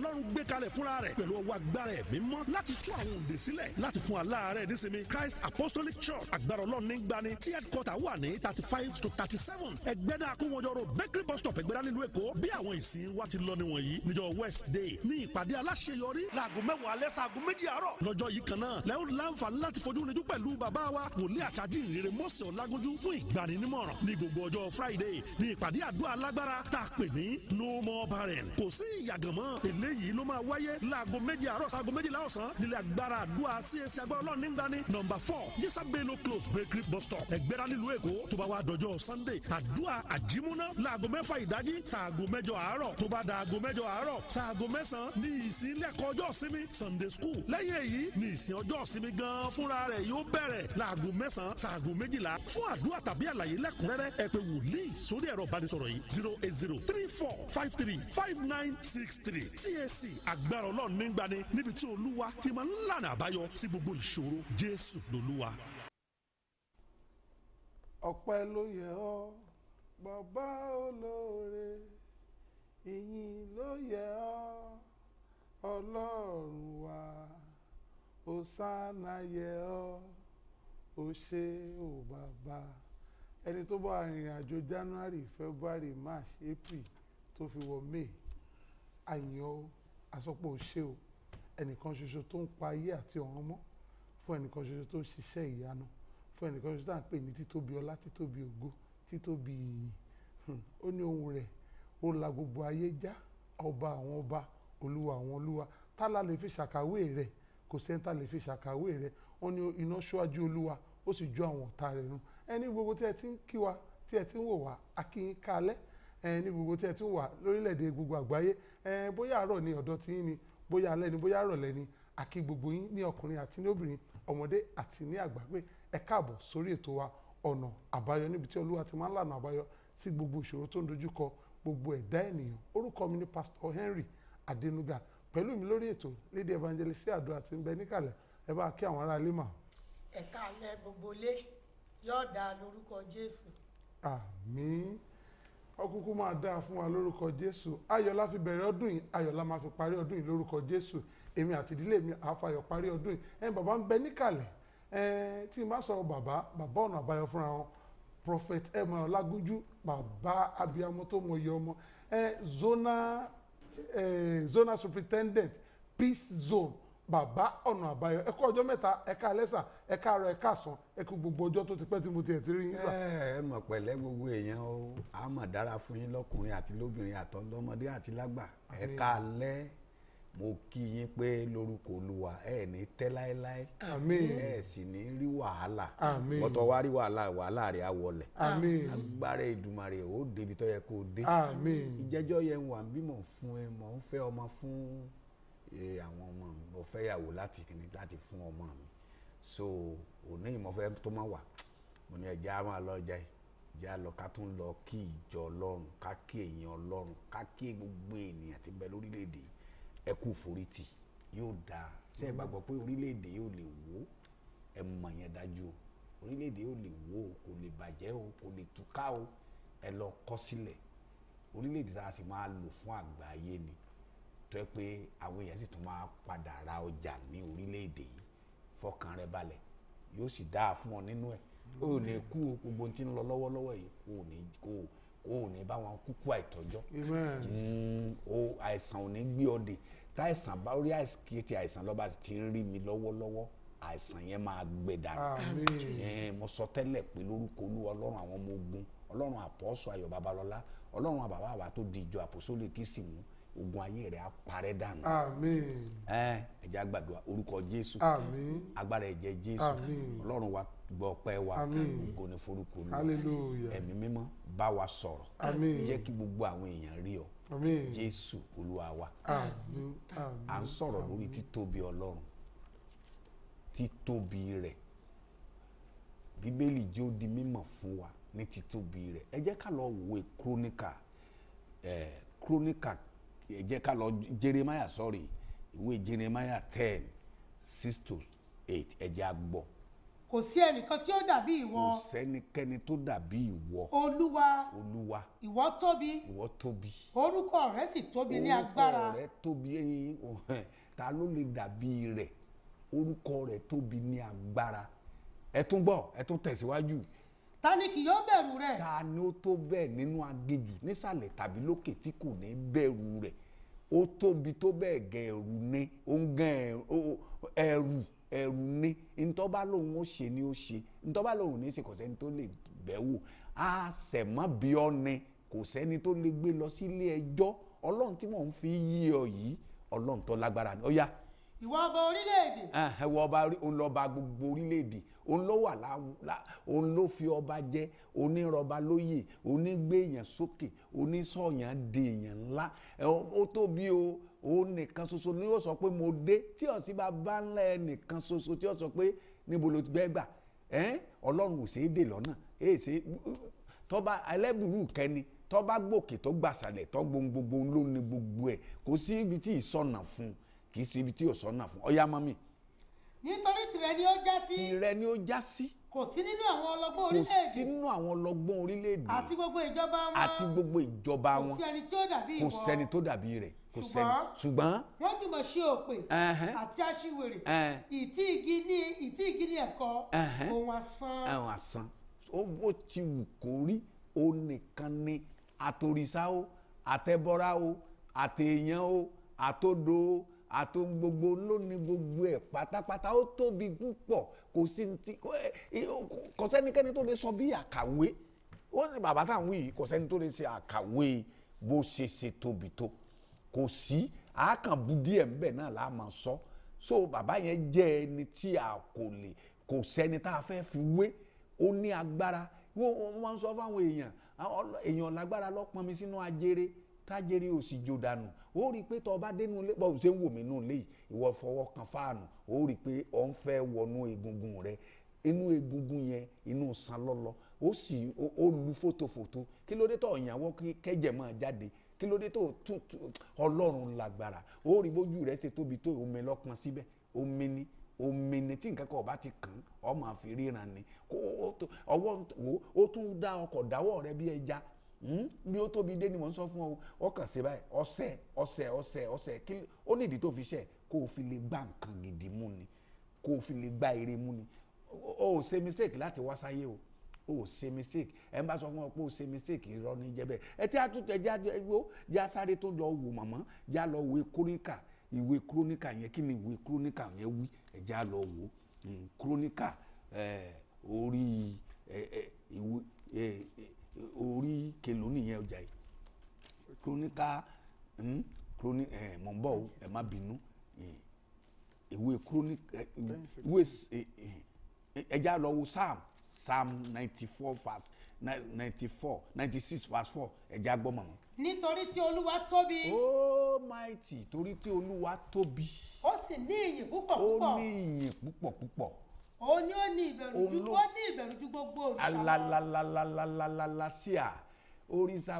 ọlọ́run gbé kalẹ̀ fúnra rẹ̀ pẹ̀lú ọwọ́ agbára ẹ̀mí mọ́ láti tú àwọn òǹdè sílẹ̀ láti fún aláàárẹ̀ nísinmi Christ Apostolic Church agbára ọlọ́run ní gbani tí headquarter wà ní thirty five to thirty seven ẹgbẹ́dá akówọ́jọ bakery bus stop ẹgbẹ́dá nílùú èkó bí àwọn ìsìn wa ti lọ níwọ̀nyí níjọ́ Wednesday ní ìpàdé aláṣeyọrí láago mẹ́wàá alẹ́ saago méjì àárọ̀ lọ́jọ́ yìí kan náà lẹ́hìn láǹfààní láti fojú níjú pẹ̀lú bàbá wa wòlíì àtàjìnrere mọ́sẹ̀ ọ̀làgúnjú fún ìgbaninímọ̀ràn ní gbogbo ọjọ́ Friday ní ìpàdé àdúrà alágbára tá a pè ní no more barren kò sí ìyàgànmọ́ eléyìí ló máa máa wáyé láago méje àárọ̀ sago méjìlá ọ̀sán nílẹ̀ agbára àdúrà CAC agbára ọlọ́run nígbà ní nọmba four yísà bello close bakery bus stop ẹgbẹ́ra nílùú èkó tó bá wà dọjọ́ sunday àdúrà àjímúná láago mẹ́fà ìdájí sago mẹ́jọ àárọ̀ tó bá da aago mẹ́jọ àárọ̀ sago mẹ́sàn-án ní ìsìn ilé ẹ̀kọ́ ọjọ́ ìsinmi sunday school lẹ́yìn èyí ní ìsìn ọjọ́ ìsinmi gan fúnra rẹ̀ yóò bẹ̀rẹ̀ láago mẹ́sàn-án sago méjìlá fún àdúrà tàbí àlàyé lẹ́kùnrẹ́rẹ́ ẹ pè wòlíì sórí ẹ̀rọ ìbánisọ̀rọ̀ yìí zero eight zero three four five three five nine six three CAC agbára ọlọ́run nígbà ni níbi tí olúwa ti máa ń lànà àbáyọ sí gbogbo ìṣòro jésù lolúwa. ọpẹ́ ló yẹ ọ́ bàbá olóore ìyìn ló yẹ ọ́ ọlọ́run wa hosanna yẹ ọ́ o ṣé o bàbá ẹni tó bá arìnrìn àjò january february march april tó fi wọ may àyàn o àsọpọ̀ ṣe o ẹnìkan ṣoṣo tó ń pa ayé àti ọ̀run mọ́ fún ẹnìkan ṣoṣo tó ń ṣiṣẹ́ ìyanu fún ẹnìkan ṣoṣo tó ń pè ní títóbi ọlá títóbi ògo títóbi ìyìn hmm, ó ní ohun rẹ̀ ó la gbogbo ayé já ọba àwọn ọba olúwa àwọn olúwa tálá lè fi ṣàkàwé rẹ̀ kò sẹ́ńtà lè fi ṣàkàwé rẹ̀ ó ní iná ṣíwájú olúwa ó sì ju àwọn ọ̀tá rẹ̀ run ẹni gbogbo tí ẹ ti ń kí wa tí ẹ ti ń wò wá a kí ní gbogbo tí ẹ ti wà lórílẹ̀‐èdè gbogbo àgbáyé bóyá àárọ̀ ni ọ̀dọ̀ tí yín ni bóyá alẹ́ ni bóyá àrọ̀lẹ́ ni àkí gbogbo yín ní ọkùnrin àti ní obìnrin ọmọdé àti ní àgbà pé ẹ káàbọ̀ sórí ètò wa ọ̀nà àbáyọ níbi tí olúwa ti máa ń lànà àbáyọ sí gbogbo ìṣòro tó ń dojúkọ gbogbo ẹ̀dá ènìyàn orúkọ mi ni Pastor Henry Adenuga pẹ̀lú mi lórí ètò Lady Evangelist àdó àti ń níkàlẹ̀ ẹ bá kí àwọn ará ilé mà. ẹ̀ka alẹ́ gbogbo lé yóò dáa lórúkọ Jésù. àmín. Ah, ọkùnkùn máa dáa fún wa lórúkọ jésù ayọ̀ la fi bẹ̀rẹ̀ ọdún yìí ayọ̀ la máa fi parí ọdún yìí lórúkọ jésù èmi àti ìdílé mi àfàyọ̀ parí ọdún yìí ẹ̀ bàbá ń bẹ níkàlẹ̀ ẹ̀ tí n bá sọ̀rọ̀ bàbá bàbá ọ̀nà àbáyọ fúnra wọn prophet emma ọlágúnjú bàbá abiyamọ tó mọ iye ọmọ zona ẹ̀ zona eh, superintendent peace zone bàbá ọ̀nà àbáyọ ẹ kú ọjọ́ mẹ́ta ẹ ká lẹ́sà ẹ ká rọ ẹ ká sàn ẹ kú gbogbo ọjọ́ tó ti pẹ́ tí mo tiẹ̀ ti rí yín sà. ẹ mọ̀ pẹ̀lẹ́ gbogbo èèyàn o a mọ̀ dára fún yín lọ́kùnrin àti lóbìnrin àtọlọ́mọdé àti lágbà ẹ ká lẹ́ mo kí yín pé lórúkọ olúwa ẹ ní tẹ́ láéláé ẹ sì ní rí wàhálà ọ̀tọ̀ wá rí wàhálà wàhálà rẹ̀ á wọlẹ̀ agbára Èdùmàrè ó débi tó yẹ kó dé ìjẹ́jọ́ yẹn wà bí mò ń fún ẹ mò ń fẹ́ ọmọ fún àwọn ọmọ mi mo fẹ́ yàwó láti kìnnì láti fún ọmọ mi so òní ìmọ̀fẹ́ tó máa wà mo ní ẹja máa lọ ọjà yìí já lọ ká tún lọ kí ìjọ ọlọ́run ká kí èèyàn ọlọ́run ká kí gbogbo ènìyàn ti ń bẹ lórílẹ̀‐èdè ẹ kú forítì yóò dáa ṣé ẹ bá gbọ́ pé orílẹ̀‐èdè yóò lè wó ẹ mọ̀ yẹn dájú o orílẹ̀‐èdè yóò lè wó o kò lè bàjẹ́ o kò lè túká o ẹ lọ kọ́ sílẹ̀ orílẹ̀‐èdè tá a sì máa lò fún àgbáyé ni tó yẹ pé àwọn èèyàn sì tún máa padà ra ọjà ní orílẹ̀-èdè yìí fọkàn rẹ balẹ̀ yóò sì dáa fún ọ nínú ẹ̀ o ò ní kú gbogbo tí ń lọ lọ́wọ́lọ́wọ́ yìí kò ní ní bá wọn kúkú àìtọ́jọ́ hmm, àìsàn ò ní gbé ọ dè táìsàn bá orí àìsàn àìsàn lọ́ba ti ń rí mi lọ́wọ́lọ́wọ́ àìsàn yẹn máa gbẹ dànù mo sọ tẹ́lẹ̀ pé lórúkọ olúwa ọlọ́run àwọn ọmọ ogun ọlọ́run àpọ́sọ ayọ̀ babalọ́lá ọlọ́run àbàbà àbá tó di ìjọ àpòsólè kìsì mú ogun ayé rẹ̀ á parẹ́ dànù. àmín. ẹ ẹ jẹ́ àgbàdua orúkọ jésù. àmín. agbára ẹ̀jẹ̀ jésù. àmín. ọlọ́run wa gbọ́ ọpẹ́ wa. ògo ni forúkọ olúwa. hallelujah. ẹ̀mí mímọ́ bá wa sọ̀rọ̀. àmín. jẹ́ kí gbogbo àwọn èèyàn rí ọ. àmín. jésù olúwa wa. àmín. àmín. à ń sọ̀rọ̀ lórí títóbi ọlọ́run títóbi rẹ̀ bíbélì jó di mímọ̀ fún wa ní títóbi rẹ̀ ẹ jẹ́ ká lọ wo Kíróníkà ẹ̀ Kíróníkà ẹ ká lọ Jeremiah sorry ìwé Jeremiah ten six to eight ẹ jẹ́ á gbọ́ kò sí ẹnìkan tí ó dàbí ìwọ. kò sẹ́nikẹ́ni tó dàbí ìwọ. olúwa olúwa ìwọ tóbi. ìwọ tóbi. orúkọ rẹ sì tóbi ní agbára. orúkọ rẹ tóbi ẹyin ta ló lè dàbí rẹ orúkọ rẹ tóbi ní agbára ẹ tún gbọ́ ẹ tún tẹ̀síwájú ta ni kì yóò bẹ̀rù rẹ̀. ta ni ó tó bẹ́ẹ̀ nínú aginjù nísàlẹ̀ tàbí lókè tí kò ní bẹ̀rù rẹ̀ ó tóbi tó bẹ́ẹ̀ gẹ ẹ̀rù ni ó ń gẹ ẹ̀rù ẹ̀rù ni ntọ́ba lòun ó ṣe ni ó ṣe ntọ́ba lòun ní ṣe kò sẹ́ni tó lè bẹ̀wò á sẹ̀mọ́ bí ọ́ ni kò sẹ́ni tó lè gbé lọ sílé ẹjọ́ ọlọ́run tí mò fi yí ọ yìí ọlọ́run tó lágbára ni ó yá ìwọ ọba orílẹ̀-èdè. ẹ̀hẹ̀ wọ ọba òun lọ́ba gbogbo orílẹ̀-èdè òun ló wà láwùlá òun ló fi ọba jẹ onírọba lóyè onígbèèyàn sókè onísọ̀yàn dèèyàn ńlá ó tóbi o òun nìkan ṣoṣo ni yóò sọ pé mo dé tí ọ̀sìn bàbá ńlá ẹnìkan ṣoṣo tí yóò sọ pé níbo ló ti gbẹ́ gbà ọlọ́run ò ṣeé dè lọ́nà tọ́ba ẹlẹ́bùrú kẹ́ni tọ́ba gbòkè tó gbàsàlẹ̀ tó gbohun gbogbo ló ní gbogbo ẹ̀ kò sí ibi tí ìsọ̀nà fún un kì í ṣe ibi tí yóò sọ́nà fún ọ̀yá mọ́mì. nítorí tìrẹ ni ó já sí. tìrẹ ni ó já sí. kò sí nínú àwọn ọlọ́gbọ́n orílẹ̀-èdè. kò sí nínú àwọn ọlọ́gbọ́n orílẹ̀-èdè. àti gbogbo ìjọba wọn. àti gbogbo ìjọba wọn. kò sí ẹni tí ó dàbí ìwọ. kò sẹ́ni tó dàbí rẹ̀ kò sẹ́ni ṣùgbọ́n. wọ́n jùmọ̀ ṣe òpè àti aṣiwèrè ìtí igi ní ìtí igi ní ẹ̀kọ́ ohun asán. ohun asán ó ti wù kó rí nìkan ni àtò gbogbo ló ní gbogbo ẹ̀ pátápátá ó tóbi púpọ̀ kò sí ti kò sẹ́nikẹ́ni tó lè sọ bí àkàwé ó ní bàbá táwọn yìí kò sẹ́ni tó lè ṣe àkàwé bó ṣe ṣe tóbi tó kò sí àákànbù díẹ̀ ńbẹ̀ náà là á máa sọ so bàbá yẹn jẹ́ ẹni tí a kò lè kò sẹ́ni tá a fẹ́ fi wé ó ní agbára wọ́n máa ń sọ fáwọn èèyàn èèyàn lágbára lọ́pọ̀nmi sínú ajere. No tájẹrí òsì jò dànù ó rí i pé tọ́ ọba dénú ilé bọ́ọ̀ ṣe ń wò mí nù ilé yìí ìwọ fọwọ́ kan fáànù ó rí i pé ọ̀ ń fẹ́ wọnú egungun rẹ inú egungun yẹn inú san lọ́lọ́ ó sì ó lu fòtòfòtò kí ló dé tọ́ ìyàwó kẹ́jẹ̀ máa jáde kí ló dé tó ọlọ́run lágbára ó rí bójú rẹ ṣe tóbi tó omi lọ́pọn síbẹ̀ omi ni omi ni tí nǹkan kan ọba ti kàn ọmọ àfi ríran ni ọwọ́ wo ó tún dá ọkọ̀ dáwọ́ rẹ bí ẹja Hmm? bí ó tóbi dé ni mò ń sọ fún ọ ọkàn ṣe báyìí ọ̀sẹ̀ ọ̀sẹ̀ ọ̀sẹ̀ ọ̀sẹ̀ kí ó nídìí tó fi ṣe kó o fi lè gba nǹkan gidi mú ni kó o fi lè gba èrè mú ni o ò ṣe mistake láti wá sáyé o o ò ṣe mistake ẹ ń bá sọ fún ọ pé o ṣe mistake irọ́ ní jẹ́ bẹ́ẹ̀ ẹ tí a já wo já sáré tó lọ wò mọ̀mọ́ já lọ wo kóríkà ìwé kúrónìkà yẹn kí ni ìwé kúrónìkà yẹn wí ẹ já lọ wò hmm, kúrónìkà orí ìwé orí kelo nìyẹn ọjà yìí kronika hmm, kroni ẹ mọ̀ n bọ̀ o ẹ má bínú ìwé kronika ìwé ẹja lọ wo sam sam ninety four verse ninety four ninety six verse four ẹja gbọ́ mọ̀mọ́. nítorí tí olúwa tóbi. ó máìtì torí tí olúwa tóbi. ó sì ní ìyìn púpọ̀ púpọ̀. ó ní ìyìn púpọ̀ púpọ̀ òun ni ó ní ìbẹ̀rù ju ó ní ìbẹ̀rù ju gbogbo òrìṣà lọ. alalalalalalalala sí à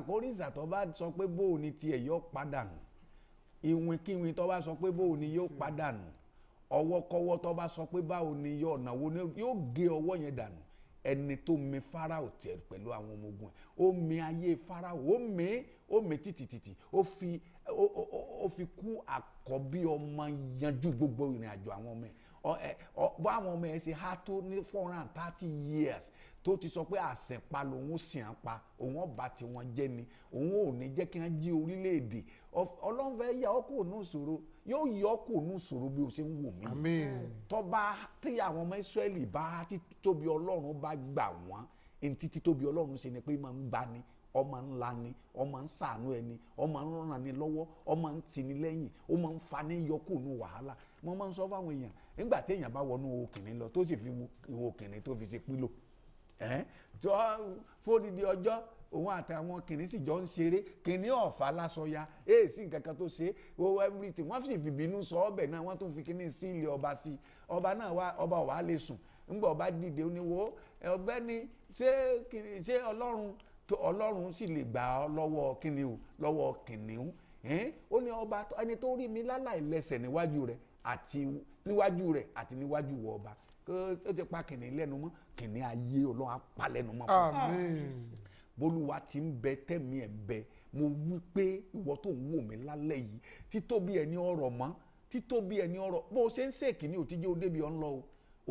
òrìṣà tó bá sọ pé bóò ni tiẹ̀ yóò padà nù ìwìn kíwìn tó bá sọ pé bóò ni yóò padà nù ọwọ́kọ́wọ́ tó bá sọ pé báwo ni yóò náwó ni yóò gé ọwọ́ yẹn dànù ẹni tó mi farao tẹ pẹ̀lú àwọn ọmọ ogun ẹ̀ ó mi ayé farao ó mi ó mi títìtìtì ó fi ó fi kú àkọ́bí ọmọ yanjú gbogbo ìrìn àjò àwọn ọmọ ẹ̀ báwọn eh, ọmọ ẹ ṣe há tó ní four hundred and thirty years tó ti sọ pé àṣẹ̀pa lòun sì ń pa òun ọba tiwọn ni òun ò ní jẹ́ kí wọ́n jí orílẹ̀-èdè ọlọ́run yà yóò yọ ọ́ kò ní ìṣòro bí o ṣe ń wò mí tọ́ba tí àwọn ọmọ Ísírẹ́lì bá títóbi ọlọ́run bá gbà wọ́n ní títóbi ọlọ́run ṣe ni pé máa ń gbani ọmọ ńlá ni ọmọ ń n ẹni ọmọ ń ràn ni lọ́wọ́ ọmọ ń lẹ́yìn ń mo máa ń sọ fáwọn èèyàn nígbà tí èèyàn bá wọnú òkìní lọ tó sì fi wo òkìní tó fi ṣe pílò tó fódìdí ọjọ́ òun àtàwọn kìnìún sì jọ ń ṣeré kìnìún ọ̀fà lásọya èyí sì kankan tó ṣe owó everything wọ́n sì fìbínú sọ ọbẹ̀ náà wọ́n tún fi kíní sílé ọba sí ọba náà wá ọba ọ̀wá lè sùn ńgbà ọba dìde ó ní wo ọ̀gbẹ́ni ṣé kìnìún ṣé ọlọ́run ọlọ́run sì lè gbà ọ́ lọ́wọ́ kìnìún lọ́wọ́ kìnìún ó ní ọba ẹni tó rí mi láláì lẹ́sẹ̀ níwájú rẹ̀ àti níwájú rẹ̀ àti níwájú wọ ọba ó ti pa kìnìún lẹ́nu mọ́ kìnìún ayé ọlọ́run apá lẹ́nu mọ́ fún un bolúwa ti ń bẹ tẹ̀mí ẹ̀ ń bẹ mo wí pé ìwọ tó ń wò mí lálẹ́ yìí títóbi ẹni ọ̀rọ̀ mọ́ títóbi ẹni ọ̀rọ̀ bó o ṣe ń ṣèkì ní òtíjẹ́ òdebì ọ̀ ń lọ o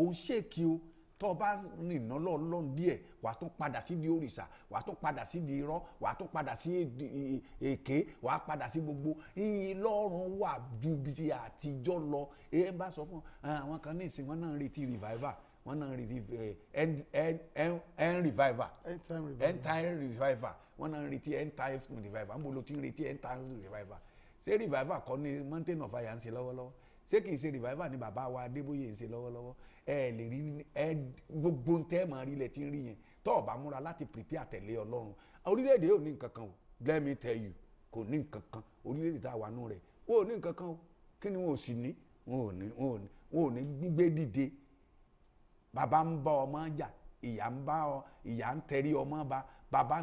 ò ń ṣèkì o tó o bá rìn iná lọ́ọ̀lọ́ọ̀ díẹ̀ wàá tún padà sí di òrìṣà wàá tún padà sí di irọ́ wàá tún padà sí e, e, èké wàá padà sí gbogbo ìlọrun wà ju bí ti àtijọ́ lọ ẹ bá sọ fún ah, àwọn kan ní ìsìn wọn náà retí revival wọn náà retí e, end end end revival end time revival end time revival wọn náà retí end time revival ń bolo ti retí end time revival ṣé revival kọ́ ni mountain of fire ń ṣe lọ́wọ́lọ́wọ́ ṣé kìí ṣe revival ni bàbá wa adébóyè ń ṣe lọ́wọ́lọ́wọ́ ẹ lè rí ẹ gbogbo ń tẹ́ máa rí ilẹ̀ tí ń rí yẹn tó o bá múra láti prepare àtẹ̀lé ọlọ́run orílẹ̀-èdè yóò ní nǹkan kan o let me tell you kò ní nǹkan kan orílẹ̀-èdè tá a wà nù rẹ̀ wọn ò ní nǹkan kan o kí ni wọn ò sì ní wọn ò ní wọn ò ní wọn ò ní gbígbé dìde bàbá ń bá ọmọ jà ìyá ń bá ọ ìyá ń tẹrí ọmọ ba bàbá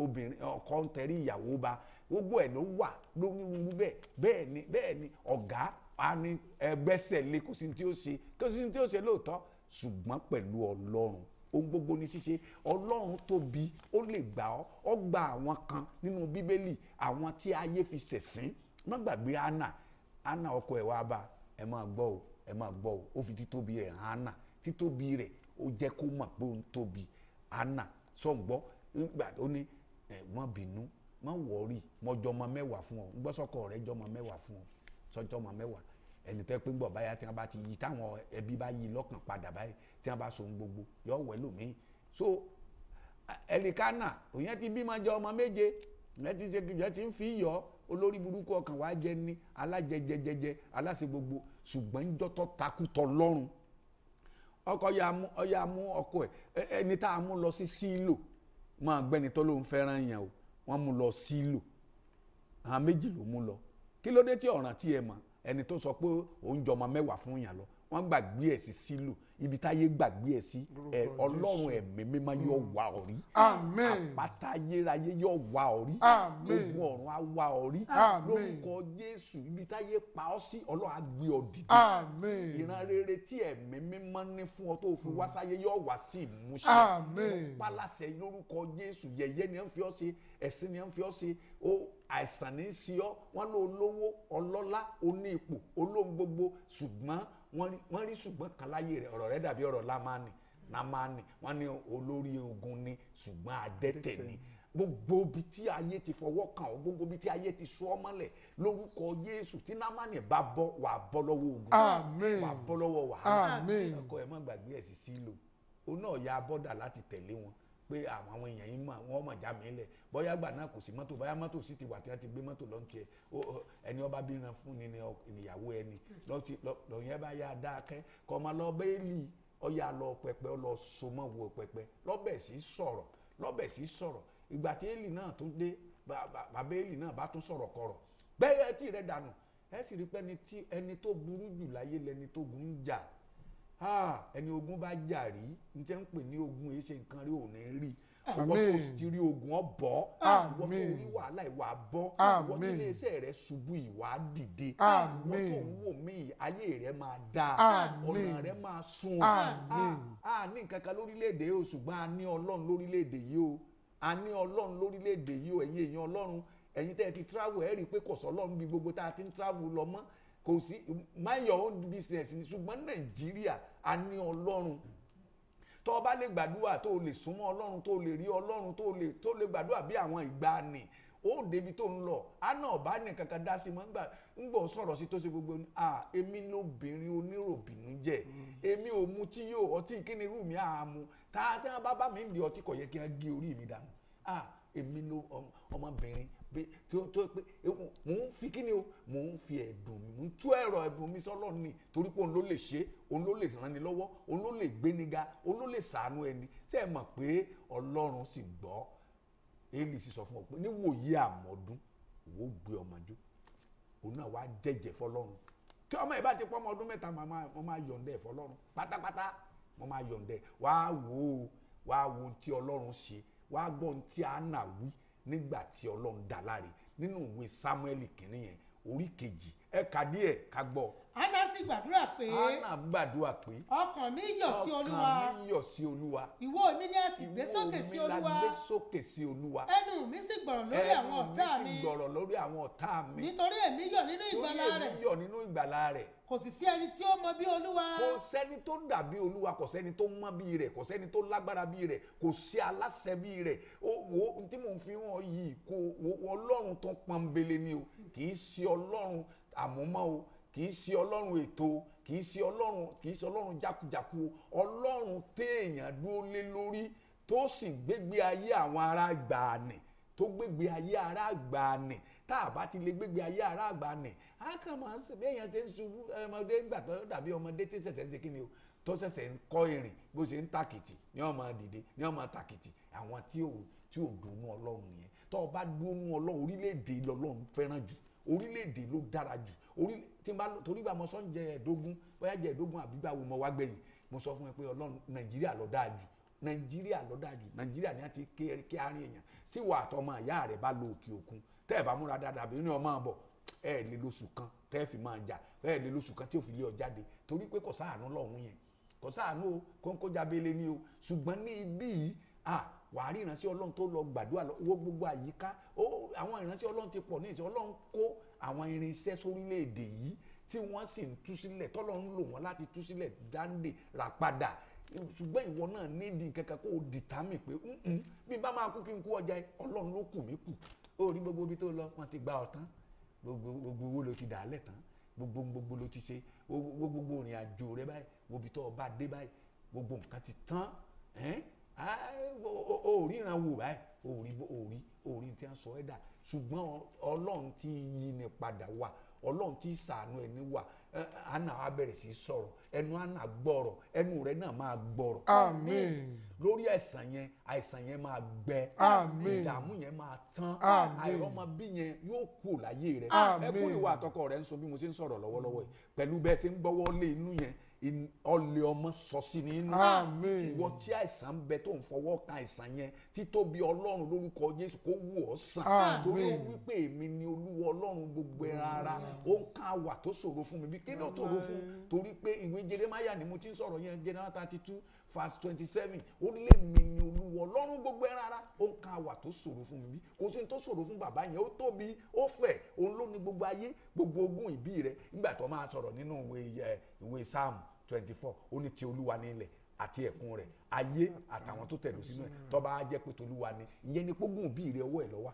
obìnrin ọkọ ń tẹrí ìyàwó ba gbogbo ẹ̀ ló wà lónírúurú bẹ́ẹ̀ bẹ́ẹ̀ ni bẹ́ẹ̀ ni ọ̀gá a ní ẹgbẹ́sẹ̀ lé kò sí tí ó ṣe kò sí tí ó ṣe lóòótọ́ ṣùgbọ́n pẹ̀lú ọlọ́run ohun gbogbo ní ṣíṣe ọlọ́run tóbi ó lè gbà ọ́ ó gba àwọn kan nínú bíbélì àwọn tí ayé fi ṣẹ̀sín má gbàgbé anna anna ọkọ ẹ̀ wá bá ẹ máa gbọ́ o ẹ máa gbọ́ o ó fi títóbi rẹ̀ hàn anna títóbi rẹ̀ ó jẹ́ kó mọ̀ pé ó ń tóbi anna sọ̀ǹgbọ́ nígbà tó ní ẹ̀ wọ́n bínú wọ́n wọ̀ọ́rì mọ́jọ́mọ́ mẹ́wàá fún ọ ń rẹ̀ jọmọ mẹ́wàá fún ọ sọ́jọ́ ọmọ mẹ́wàá ẹni tẹ́ pé ń bọ̀ báyà tí wọ́n bá ti yí táwọn ẹbí bá yí lọ́kàn padà báyìí tí wọ́n bá so ohun gbogbo yọ wẹ̀ lómi so ẹnìkanà òyìn ti bímọ jẹ ọmọ méje ìyẹn ti ṣe ìyẹn ti ń fi yọ olórí burúkú ọkàn wàá jẹ ní alájẹjẹjẹjẹ aláṣẹ gbogbo ṣùgbọ́n jọ́tọ̀ takùtọ̀ lọ́rùn ọkọ ya mú ọya mú ọkọ ẹ ẹni tá a mú lọ sí sílò máa gbẹni tó ló ń fẹ́ràn yẹn o wọ́n mú lọ sílò àwọn méjì ló mú lọ kí ló dé tí ọ̀ràn tí ẹ mọ̀ ẹni tó sọ pé òun jọmọ mẹ́wàá fún yàn lọ wọ́n gbàgbé ẹ̀ sí sílù ibi táyé gbàgbé ẹ̀ sí ẹ̀ ọlọ́run ẹ̀mí mímọ́ yóò wá ọ rí àpáta ayérayé yóò wá ọ rí ogun ọ̀run á wá ọ rí lórúkọ jésù ibi táyé pa ọ sí ọlọ́run á gbé ọ dìde ìran rere tí ẹ̀mí mímọ́ ní fún ọ tó fi wá sáyé yóò wá sí ìmúṣẹ pálásẹ̀ lórúkọ jésù yẹ̀yẹ́ ni ẹ̀ ń fi ọ́ ṣe ẹ̀sìn ni ẹ̀ fi ọ́ ṣe àìsàn ní í ṣe ọ́ wọ́n lọ olówó ọlọ́lá oní ipò olóhun gbogbo ṣùgbọ́n wọ́n rí ṣùgbọ́n kan láyé rẹ̀ ọ̀rọ̀ rẹ̀ dàbí ọ̀rọ̀ lamani lamani wọ́n ní olórí ogun ni ṣùgbọ́n adẹ́tẹ̀ ni gbogbo ibi tí ayé ti fọwọ́ kàn ọ́ gbogbo ibi tí ayé ti sọ ọ́ mọ́lẹ̀ lórúkọ Jésù tí namani bá bọ́ wà á bọ́ lọ́wọ́ ogun wà á bọ́ lọ́wọ́ wàhálà ọkọ ẹ̀ má gbàgbé ẹ̀ sí sílò òun náà ya abọ́dà láti tẹ̀lé wọn pé àwọn àwọn èèyàn yìí mọ̀ wọ́n mọ̀ já mi lẹ̀ bóyá gbà náà kò sí mọ́tò bóyá mọ́tò sì ti wà tí wọ́n ti gbé mọ́tò lọ́n tiẹ̀ ẹni ọba bíran fún ni ìyàwó ẹni lọ́yìn ẹ bá yá a dákẹ́ kọ́ ọmọ lọ bẹ́ẹ̀lì ọyà lọ pẹpẹ ọ lọ so mọ́ wo pẹpẹ lọ́bẹ̀ sí sọ̀rọ̀ lọ́bẹ̀ sí sọ̀rọ̀ ìgbà tí èlì náà tún dé bàbá èlì náà bá tún sọ̀rọ̀ kọ̀rọ̀ bẹ́ẹ̀ tí rẹ̀ dànù ẹ sì rí pé ẹni tó burú jù láyé lẹni tó gùn jà ẹni ogun bá jàrí ní tẹ́ ń pè ní ogun èyí ṣe nǹkan rí òní rí ìwọ tó ti rí ogun ọ̀bọ̀ ìwọ tó rí wàhálà ìwà bọ́ ìwọ tó ilé iṣẹ́ rẹ ṣubú ìwà dìde ìwọ tó ń wò mí ayé rẹ máa dá ọ̀nà rẹ máa sùn a ní nǹkan kan lórílẹ̀‐èdè yìí o ṣùgbọ́n a ní ọlọ́run lórílẹ̀‐èdè yìí o a ní ọlọ́run lórílẹ̀‐èdè yìí o ẹ̀yin èèyàn ọlọ́run ẹ̀yin tẹ́ ẹ ti travel ẹ̀ rí i pé kò sọ́lọ́run bí gbogbo tá a ti ń travel lọ mọ́ kò sí mind your own business ni ṣùgbọ́n nàìjíríà a ní ọlọ́run tó o bá lè gbàdúrà tó o lè súnmọ́ ọlọ́run tó o lè rí ọlọ́run tó o lè tó o lè gbàdúrà bí àwọn ìgbàanì ó débi tó ń lọ àná ọba nìkan kan dá sí mọ́ ńgbà ńgbà sọ̀rọ̀ sí tó ṣe gbogbo à èmi lóbìnrin oníròbìnú jẹ́ èmi ò mu tí yóò ọtí kíni irú mi àmú tá a tẹ́ wọn bá bá mi ń di ọtí kọ̀ yẹ kí wọ́n gé orí mi dànù à èmi ló ọmọbìnrin tó tó pé mò ń fi kíni o mò ń fi ẹ̀dùn mi mò ń tú ẹ̀rọ ẹ̀dùn mi sọ́lọ́run ni torí pé òun ló lè ṣe òun ló lè ràn ní lọ́wọ́ òun ló lè gbéni ga òun ló lè sàánú ẹni ṣé ẹ mọ̀ pé ọlọ́run sì gbọ́ èlì sì sọ fún ọ pé níwòye àmọ́dún òwò gbé ọmọ jó òun náà wàá jẹ́jẹ́ fọlọ́run tí ọmọ yìí bá ti pọ́ ọmọ ọdún mẹ́ta mo máa yọ̀ǹdẹ̀ fọlọ́run pátápátá mo máa yọ̀ǹdẹ̀ wàá wò ó wàá wo ohun tí ọlọ́run ṣe wàá gbọ́ ohun tí àánà wí nígbà tí ọlọ́run dá láre nínú ìwé Samuel kìnní yẹn orí kejì ẹ kà díẹ̀ ká gbọ́. Hánà sì gbàdúrà pé. Ana gbàdúrà pé. ọkàn mi yọ̀ sí olúwa. ọkàn mi yọ̀ sí olúwa. ìwọ mi ni a sì gbé sókè sí olúwa. ìwọ mi la gbé sókè sí olúwa. ẹnu mi sì gbọ̀rọ̀ lórí àwọn ọ̀tá mi. ẹnu mi sì gbọ̀rọ̀ lórí àwọn ọ̀tá mi. nítorí èmi yọ̀ nínú ìgbàlà rẹ̀. nítorí èmi yọ̀ nínú ìgbàlà rẹ̀ kò sì sí ẹni tí ó mọ bí olúwa. kò sẹ́ni tó dàbí olúwa kò sẹ́ni tó mọ bí rẹ̀ kò sẹ́ni tó lágbára bí rẹ̀ kò sí aláṣẹ bí rẹ̀ wo tí mò ń fi hàn yìí kò ọlọ́run tó pọ́nbélé ni o kì í ṣe ọlọ́run àmúmọ́ o kì í ṣe ọlọ́run ètò kì í ṣe ọlọ́run kì í ṣe ọlọ́run jákujàku ọlọ́run téèyàn dúró lé lórí tó sì gbégbé ayé àwọn ará gbàànì tó gbégbé ayé ará gbàànì tá a bá ti lè gbégbé ayé ara àgbà nì á kàn máa sìn bí èèyàn ti ń ṣubú ọmọdé gbà tó dàbí ọmọdé tí ṣẹ̀ṣẹ̀ ń ṣe kí ni o tó ṣẹ̀ṣẹ̀ ń kọ́ ìrìn bó ṣe ń tàkìtì ní ọmọ dìde ní ọmọ tàkìtì àwọn tí ò tí ò dùn mú ọlọ́run nìyẹn tó o bá dùn mú ọlọ́run orílẹ̀-èdè lọ́lọ́run fẹ́ràn jù orílẹ̀-èdè ló dára jù torí bá mo sọ ń jẹ ẹ̀ẹ́dógún bóyá jẹ ẹ̀ẹ́dógún àbí gbàwó mo wá gbẹ̀yìn mo sọ fún ẹ pé ọlọ́run nàìjíríà ló dáa jù nàìjíríà lọ́dàjù nàìjíríà ni a ti kí arin èèyàn tí wà àtọmọ àyá rẹ̀ bá lọ òkè òkun tẹ́ ẹ̀ bá múra dáadáa bí ní ọmọ àbọ̀ ẹ̀ lè lóṣù kan tẹ́ ẹ̀ fi máa jà ẹ̀ lè lóṣù kan tí ò fi lé ọ jáde torí pé kò sáànù lọ́hùn yẹn kò sáànù o kónkójà ni o ṣùgbọ́n ní ibí yìí à wàá rí ìránṣẹ́ ọlọ́run tó lọ gbàdúrà wo gbogbo àyíká àwọn ìránṣẹ́ ọlọ́run ti pọ̀ ní ọlọ́run kó àwọn irinṣẹ́ sórílẹ̀-èdè yìí tí wọ́n sì ń tú sílẹ̀ tọ́lọ́run lò wọ́n láti tú sílẹ̀ dáńdè ràpadà ṣùgbọ́n ìwọ náà nídìí nǹkan kan kó o determine pé bí n bá máa kú kí n kú ọjà ọlọ́run ló kù mí kù ó rí gbogbo ibi tó lọ wọn ti gba ọ̀tán gbogbo owó ló ti dà á lẹ̀ tán gbogbo gbogbo ló ti ṣe gbogbo ìrìn àjò rẹ báyìí wobi tó bá dé báyìí gbogbo nǹkan ti tán ó ríran wò báyìí ó rí ó rí ó rí sọ ẹ́ dà ṣùgbọ́n ọlọ́run ti yí padà wà ọlọ́run ti ṣàánú ẹni wà Eh, ana á bẹ̀rẹ̀ sí sọrọ ẹnu àna gbọrọ ẹnu rẹ náà máa gbọrọ amen lórí àìsàn yẹn àìsàn yẹn máa gbẹ. àmín. ìdààmú yẹn máa tán. àmín. àìrọ́mọ yẹn yóò kú láyé rẹ ń sọ bí mo ṣe ń yìí ṣe ń ọlẹ ọmọ sọ sí ni inú ìwọ tí àìsàn bẹ tó ń fọwọ́ kan àìsàn yẹn títóbi ọlọ́run lórúkọ jésù kó wù ọ́ sàn torí ó wípé èmi ni olúwa ọlọ́run gbogbo rárá ó ń ká wà tó ṣòro fún mi bí kí ló ṣòro fún torí pé ìwé jeremáyà ni mo ti ń sọ̀rọ̀ yẹn jeremáyà thirty two verse twenty seven ó lè mi ni olúwa ọlọ́run gbogbo ẹran ara ó ń kan àwà tó ṣòro fún mi bí kò sí ní tó ṣòro fún bàbá yẹn ó tóbi ó fẹ̀ òun ló ní gbogbo ayé gbogbo ogún ìbí rẹ̀ nígbà tó máa sọ̀rọ̀ nínú ìwé ìwé psalm twenty four ó ní ti olúwa ní ilẹ̀ àti ẹ̀kún rẹ̀ ayé àtàwọn tó tẹ̀lé sínú ẹ̀ tó bá jẹ́ pé tolúwa ni ìyẹn ni pógùn ìbí rẹ̀ ọwọ́ ẹ̀ lọ́wọ́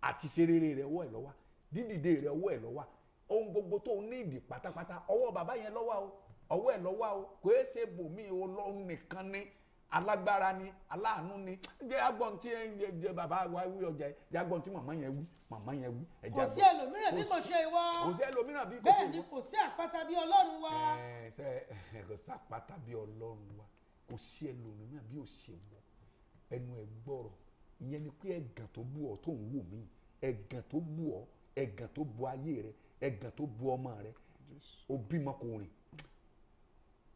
àti serere rẹ̀ ọwọ́ ẹ̀ lọ́wọ́ dídìde rẹ̀ ọwọ́ ẹ̀ lọ́wọ́ ohun gbogbo tó ní ìdí pátápátá ọwọ́ bàbá yẹn lọ́wọ́ o ọwọ́ ẹ̀ lọ́wọ́ o kò é ṣe bòmí Ọlọ́run nìkan ni alágbára ni aláàánú ni jẹ́ agbọ̀n tí ẹ jẹ bàbá wa wí ọjà ẹ jẹ́ agbọ̀n tí màmá yẹn wí màmá yẹn wí. kò sí ẹlòmíràn bí kò ṣe ìwọ kò sí ẹlòmíràn bí kò ṣe ìwọ kò sí àpáta bí Ọlọ́run wa. ẹ ẹ kò sí àpáta bí Ọlọ́run wa kò sí ẹlòmíràn bí ò ṣe wọ ẹnu ẹ gbọ́rọ̀ ìyẹn ni pé ẹ̀gàn tó bú ọ tó ń wò mí ẹ̀gàn tó bú ọ ẹ̀gàn tó bu ayé rẹ ẹ̀gàn tó bu ọmọ rẹ òbí mọ kò rìn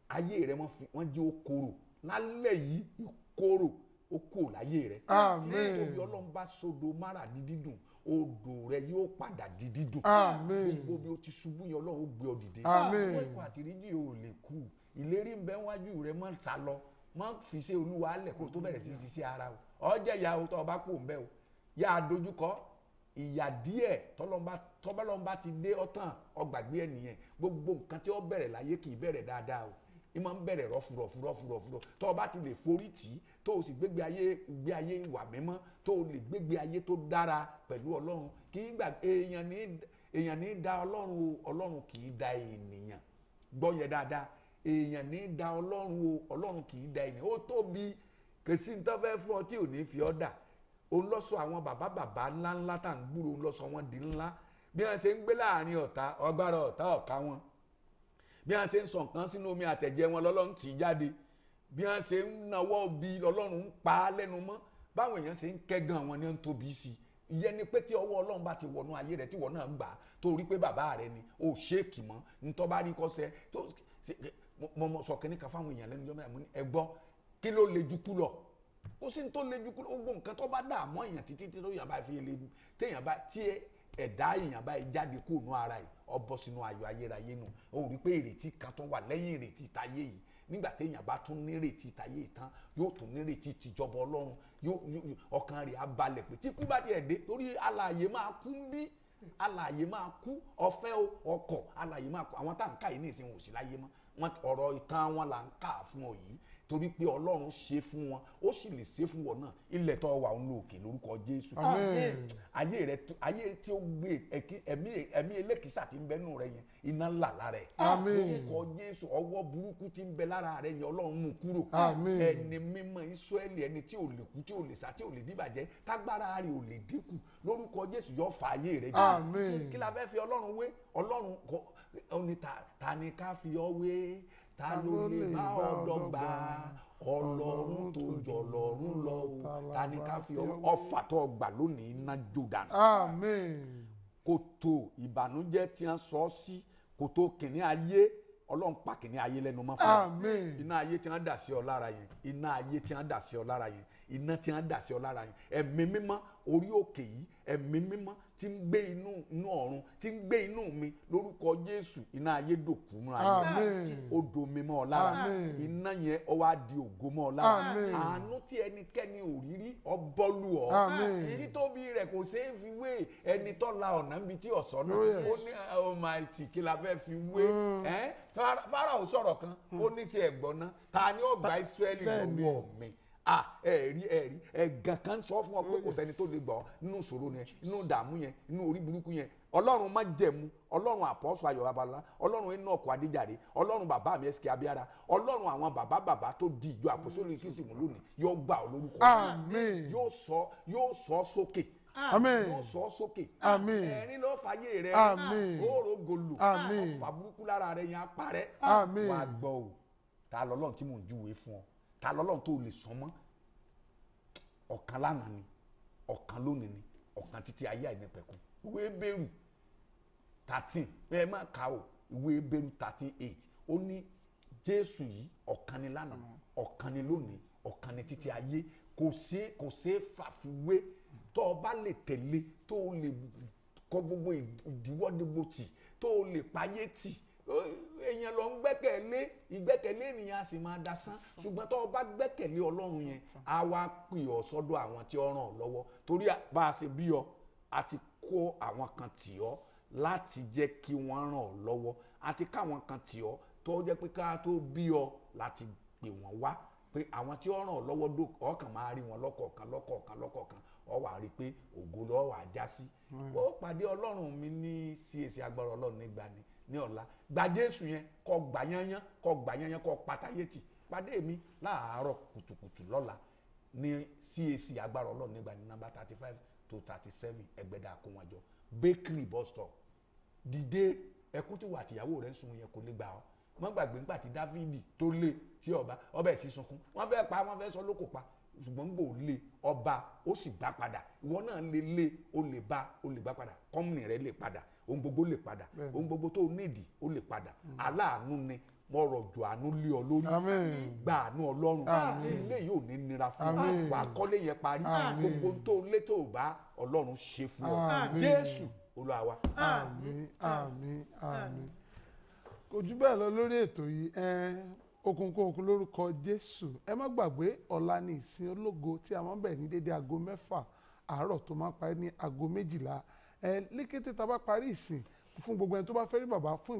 ayé rẹ wọ́n jẹ́ okoro lálẹ́ yìí ìkorò ó kò láyé rẹ. àmín nítorí ọlọ́run bá sodo mara di dídùn odò rẹ yóò padà di dídùn. gbogbo bí o ti ṣubú yẹn ọlọ́run ó gbé ọ dìde. àmín àwọn ẹ̀kọ́ àtìríjì ò lè kú ìlérí ń bẹ wájú rẹ má ta lọ má fi ṣe olúwa alẹ̀ kó o tó bẹ̀rẹ̀ sí sí sí ara o ọjẹ́ ìyá o tọ́ ọ bá kú òun bẹ́ẹ̀ o yá a dojúkọ ìyà díẹ̀ tọ́lọ́mbà ti dé ọ̀tàn ọgbàgbé ẹ̀ nìyẹn gbogbo nǹkan tí ó bẹ̀rẹ̀ láyé kì í bẹ̀rẹ̀ dáadáa o ẹ máa ń bẹ̀rẹ̀ rọ́furọ̀fu rọ́furọ̀fu tó o bá ti lè forí tì í tó o sì gbégbé ayé gbé ayé ìwà mímọ́ tó o lè gbégbé ayé tó dára pẹ̀lú ọlọ́run kì í gbà èèyàn ní èèyàn ní da ọlọ́run o ọlọ́run kì í da ènìyàn gbọ́ yẹ dáadáa èèyàn ní da ọlọ́run o ọlọ́run kì í da ènìyàn ó tóbi kèsì ń tọ́ fẹ́ fún ọ tí ò ní fi ọ́ dà òun lọ sọ àwọn bàbá bàbá ńláńlá tá à ń gbúrò òun lọ wọn di ńlá bí wọn ṣe ń gbé láàrin ọ̀tá ọgbára ọ̀tá ọ̀ka bí wọ́n ṣe ń sọ nǹkan sínú omi àtẹ̀jẹ́ wọn lọ́lọ́run tì í jáde bí wọ́n ṣe ń nawọ́ bí lọ́lọ́run ń pa á lẹ́nu mọ́ báwọn èèyàn ṣe ń kẹ́gàn wọn ni ó ń tóbi sí i ìyẹn ni pé tí ọwọ́ ọlọ́run bá ti wọnú ayé rẹ tí wọ́n náà gbà torí pé bàbá rẹ ni ó ṣéèkì mọ́ ntọ́ bá rí kọ́sẹ́ tó mo mo sọ kìnnìkan fáwọn èèyàn lẹ́nu jọ́mọ́ ẹ̀mú ẹ gbọ́ kí ló le jù kú lọ kó sì ń tó le jù kú lọ ó gbọ́ nǹkan tó bá dààmú èèyàn títí tí lóyún àbá fi lè téèyàn bá tiẹ̀ ẹ̀dá èèyàn báyìí jáde kúrò nú ara yìí ọ bọ́ sínú ayọ̀ ayérayé nù ó rí i pé ìrètí kan tó wà lẹ́yìn ìrètí ìtayé yìí nígbà téèyàn bá tún nírètí ìtayé ìtàn yóò tún nírètí tìjọba ọlọ́run ọkàn rẹ̀ á balẹ̀ pé tí kú bá tiẹ̀ dé torí alààyè máa kú ń bí alààyè máa kú ọ̀fẹ́ ọkọ̀ alààyè máa kú àwọn tá à ń ká yìí ní ìsìn òsì láyé mọ́ ọ̀rọ̀ ìtàn wọn là ń kà fún ọ yìí torí pé ọlọ́run ṣe fún wọn ó sì lè ṣe fún wọn náà ilẹ̀ tó wà ń lo òkè lórúkọ jésù ayé rẹ ayé tí ó gbé ẹ̀mí elékìsà tí ń bẹ nù rẹ yẹn iná ńlá lára ẹ̀ lórúkọ jésù ọwọ́ burúkú tí ń bẹ lára rẹ yẹn ọlọ́run mú kúrò ẹni mímọ́ ìsírẹ́lì ẹni tí ò lè kú tí ò lè sá tí ò lè dìbàjẹ́ tágbára rẹ ò lè dínkù lórúkọ jésù yọ fà ayé rẹ jẹ kí la fẹ́ fi ọlọ́run wé ọlọ́run kọ́ ọ ní ta ni ká fi ọ wé ta ló lè bá ọlọ́gbà ọlọ́run tó jọ lọ́run lọ o ta ni ká fi ọfà tó gbà lónìí iná jó dànù. àmín. kòtò ìbànújẹ́ tí wọ́n sọ sí kòtò kìnìún ayé ọlọ́run pa kìnìún ayé lẹ́nu mọ́ fún àmín iná ayé tí wọ́n dà sí ọ lára yẹn iná ayé tí wọ́n dà sí ọ lára yẹn iná tí wọ́n dà sí ọ lára yẹn ẹ̀mí mímọ́ orí òkè yìí ẹ̀mí mímọ́ tí ń gbé inú inú ọ̀run tí ń gbé inú mi lórúkọ Jésù iná ayé dòkú mọ́ra yẹn ó domi mọ́ ọ lára iná yẹn ó wá di ògo mọ́ ọ lára àánú tí ẹnikẹ́ni ò rí rí ọ bọ́lù ọ títóbi rẹ̀ kò ṣeé fi wé ẹni tó la ọ̀nà níbi tí ọ̀sọ́ náà oh, ó ní Almighty oh, kí la fi wé mm. Fáráò sọ̀rọ̀ kan ó mm. ní ti ẹ̀gbọ́n náà ta ni ó gba Ísírẹ́lì lọ́wọ́ mi ah ẹ̀rí ẹ̀rí ẹ̀gàn kan sọ fún ọ pé kò sẹ́ni tó lè gbọ́ nínú ìṣòro yẹn nínú ìdààmú yẹn nínú orí burúkú yẹn ọlọ́run má jẹ̀mú ọlọ́run àpọ́sọ ayọ̀ babalá ọlọ́run inú ọkọ̀ adéjàre ọlọ́run bàbá mi ẹ̀sìkì abíára ọlọ́run àwọn bàbá bàbá tó di ìjọ àpòsílẹ̀ kristi mú lónìí yóò gbà ọ lórúkọ àmín yóò sọ yóò sọ sókè àmín yóò sọ sókè àmín ẹ̀rín ló fàyè rẹ àmín òòrò gòlù àmín ọ̀fà burúkú lára rẹ yẹn apá rẹ àmín gbọ́ o ta lọ́lọ́run tí mò ń júwe fún ọ ta lọ́lọ́run tó lè sọ mọ́ ọ̀kan lánàá ni ọ̀kan lónìí ni ọ̀kan títí ayé àìnípẹ̀kun ìwé bẹ́rù thirteen ẹ má kà ó ìwé bẹ́rù thirteen eight ó ní jésù yìí ọ̀kan ni lánàá ọ̀kan ni lónìí ọ̀kan ni títí ayé kò sí kò sí fàfiwé tó o bá lè tẹ̀lé tó o lè kọ gbogbo ìdíwọ́ dìbò tì tó o lè payé tì èèyàn lọ ń gbẹ́kẹ̀lé ìgbẹ́kẹ̀lé ènìyàn sì máa dasán ṣùgbọ́n tó o bá gbẹ́kẹ̀lé ọlọ́run yẹn á wá pè ọ́ sọ́dọ̀ àwọn tí ó ràn ọ́ lọ́wọ́ torí bá a ṣe bí ọ àti kó àwọn kan tì ọ́ láti jẹ́ kí wọ́n ràn ọ́ lọ́wọ́ àti káwọn kan tì ọ́ tó jẹ́ pé ká tó bí ọ láti pè wọ́n wá pé àwọn tí ó ràn ọ́ lọ́wọ́ dò ọkàn máa rí wọn lọ́kọ̀ọ̀kan lọ́kọ̀ọ̀kan lọ́kọ̀ọ̀kan ọ wà rí i pé ògo lọ́wọ́ àjá sí. ó pàdé ọlọ́run mi ní csc agbára ọlọ́run nígbà ni ní ọ̀la gba jésù yẹn kó gbà yányán kó gbà yányán kó pàtàyé tì pàdé mi láàárọ̀ kùtùkùtù lọ́la ní CAC agbára ọlọ́run nígbà ní nọ́mbà thirty five to thirty seven ẹgbẹ̀dà àkóhunàjọ bakery bus stop dìde ẹkún tí wà àtìyàwó rẹ̀ ń sun yẹn kò lè gbà ọ́ wọ́n gbàgbé nígbà tí dávidi tó lé tí ọba ọba ẹ̀ sì sunkún wọ́n fẹ́ pa wọ́n fẹ́ sọ lóko pa ṣùgbọ́n gbò lé ọba ó sì gbà padà ìwọ náà lè lé o lè ba o lè gbà padà kọ́mùnì rẹ̀ lè padà ohun gbogbo lè padà ohun gbogbo tó nídìí ó lè padà hmm. aláàánú ni mo rọ̀jò àánú lé ọ lórí gba àánú ọlọ́run ah, ilé yóò ní nira fún ọ wà á kọ́lé yẹn parí gbogbo tó lé tó bá ọlọ́run ṣe fún ọ jésù olúwa wa. àmín àmín àmín kò jù bẹ́ẹ̀ lọ lórí ètò yìí okunkunkun lórúkọ jésù ẹ má gbàgbé ọ̀la ní ìsìn ológo tí a máa ń bẹ̀rẹ̀ ní dédé aago mẹ́fà àárọ̀ tó máa ń parí ní aago méjìlá ní kété tá a bá parí ìsìn fún gbogbo ẹni tó bá fẹ́ rí bàbá fún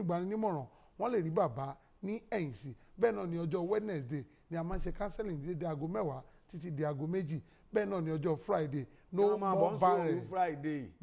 ìgbaninímọ̀ràn wọ́n lè rí bàbá ní ẹ̀yìn sí bẹ́ẹ̀ náà ni ọjọ́ Wednesday ni a máa ń ṣe counseling ní dédé aago mẹ́wàá títí di aago méjì bẹ́ẹ̀ náà ni ọjọ́ Friday no more barẹ̀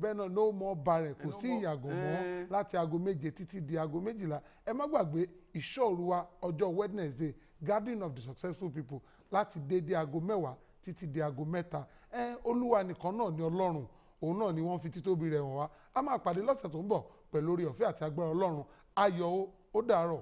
bẹ́ẹ̀ náà no more barẹ̀ kò sí ìyàgò mọ́ eh. láti aago méje títí di aago méjìlá ẹ má gbàgbé ìṣọ́òru ọjọ́ Wednesday gathering of the successful people láti dédé aago mẹ́wàá títí di aago mẹ́ta ẹ olúwa nìkan náà ni ọlọ́run òun náà ni wọ́n fi títóbi rẹ̀ hàn wá a máa pàdé lọ́sẹ̀ tó ń bọ̀ pẹ̀lú orí ọ̀fẹ́ àti agbára ọlọ́run ayọ̀ ó dàárọ̀